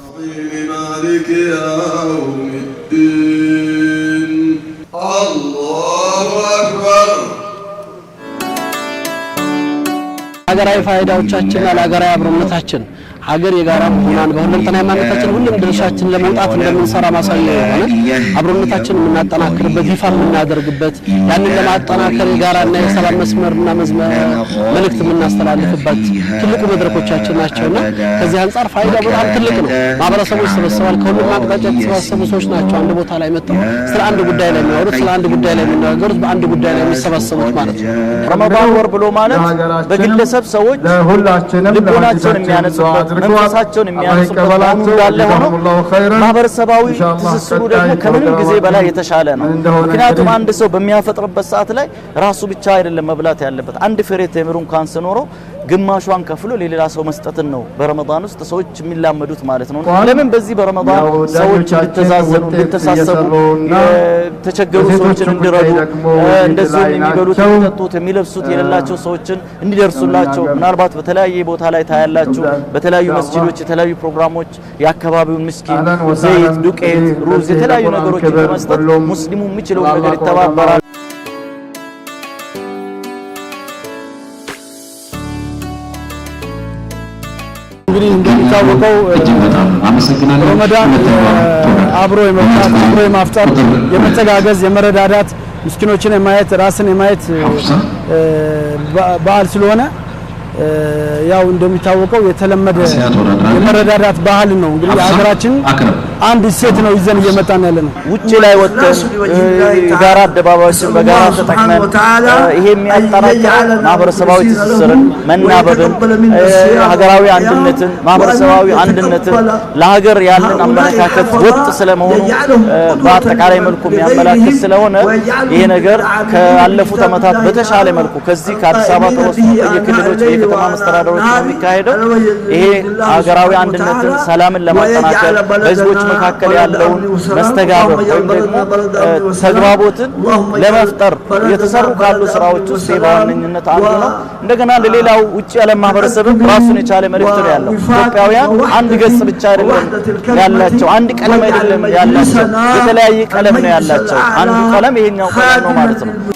مالك ሀገራዊ ፋይዳዎቻችን አለ አብሮነታችን ሀገር የጋራ መሆኗን በሁለንተና ሃይማኖታችን ሁሉም ድርሻችን ለመውጣት እንደምንሰራ ማሳያ የሆነ አብሮነታችን የምናጠናክርበት ይፋ የምናደርግበት ያንን ለማጠናከር የጋራና የሰላም መስመርና መልእክት የምናስተላልፍበት ትልቁ መድረኮቻችን ናቸውና ከዚህ አንጻር ፋይዳ በጣም ትልቅ ነው። ማህበረሰቦች ተሰብስበዋል። ከሁሉም አቅጣጫ የተሰባሰቡ ሰዎች ናቸው አንድ ቦታ ላይ መጥተው ስለ አንድ ጉዳይ ላይ የሚያወሩት፣ ስለ አንድ ጉዳይ ላይ የሚነጋገሩት፣ በአንድ ጉዳይ ላይ የሚሰባሰቡት ማለት ነው። ረመዳን ወር ብሎ ማለት በግለሰብ ሰዎች ልቦናቸውን የሚያነጹበት መንፈሳቸውን የሚያነሱበት መሆኑ እንዳለ ሆኖ ማህበረሰባዊ ትስስሩ ደግሞ ከምንም ጊዜ በላይ የተሻለ ነው። ምክንያቱም አንድ ሰው በሚያፈጥርበት ሰዓት ላይ ራሱ ብቻ አይደለም መብላት ያለበት አንድ ፍሬ ቴምር እንኳን ስኖረው ግማሿን ከፍሎ ለሌላ ሰው መስጠትን ነው በረመዳን ውስጥ ሰዎች የሚላመዱት ማለት ነው። ለምን በዚህ በረመዳን ሰዎች እንድተዛዘኑ፣ እንድተሳሰቡ፣ የተቸገሩ ሰዎችን እንዲረዱ፣ እንደዚሁም የሚበሉት የሚጠጡት፣ የሚለብሱት የሌላቸው ሰዎችን እንዲደርሱላቸው ምናልባት በተለያየ ቦታ ላይ ታያላችሁ። በተለያዩ መስጂዶች የተለያዩ ፕሮግራሞች የአካባቢውን ምስኪን ዘይት፣ ዱቄት፣ ሩዝ የተለያዩ ነገሮችን በመስጠት ሙስሊሙ የሚችለውን ነገር ይተባበራል። እንግዲህ እንደሚታወቀው ረመዳን አብሮ የመብላት አብሮ የማፍጠር የመተጋገዝ፣ የመረዳዳት፣ ምስኪኖችን የማየት ራስን የማየት በዓል ስለሆነ ያው እንደሚታወቀው የተለመደ የመረዳዳት ባህል ነው እንግዲህ ሀገራችን አንድ ሴት ነው ይዘን እየመጣን ያለ ነው። ውጭ ላይ ወጥተን የጋራ አደባባዮችን በጋራ ተጠቅመን ይሄ የሚያጠናክር ማህበረሰባዊ ትስስርን፣ መናበብን፣ ሀገራዊ አንድነትን፣ ማህበረሰባዊ አንድነትን ለሀገር ያለን አመለካከት ወጥ ስለመሆኑ በአጠቃላይ መልኩ የሚያመላክት ስለሆነ ይሄ ነገር ካለፉት ዓመታት በተሻለ መልኩ ከዚህ ከአዲስ አበባ ተወስዶ የክልሎች የከተማ መስተዳደሮች የሚካሄደው ይሄ ሀገራዊ አንድነትን፣ ሰላምን ለማጠናከር በህዝቦች መካከል ያለውን መስተጋብር ወይም ደግሞ ተግባቦትን ለመፍጠር የተሰሩ ካሉ ስራዎች ውስጥ በዋነኝነት አንዱ ነው። እንደገና ለሌላው ውጭ ያለ ማህበረሰብም ራሱን የቻለ መልእክት ነው ያለው። ኢትዮጵያውያን አንድ ገጽ ብቻ አይደለም ያላቸው፣ አንድ ቀለም አይደለም ያላቸው፣ የተለያየ ቀለም ነው ያላቸው። አንዱ ቀለም ይሄኛው ቀለም ነው ማለት ነው።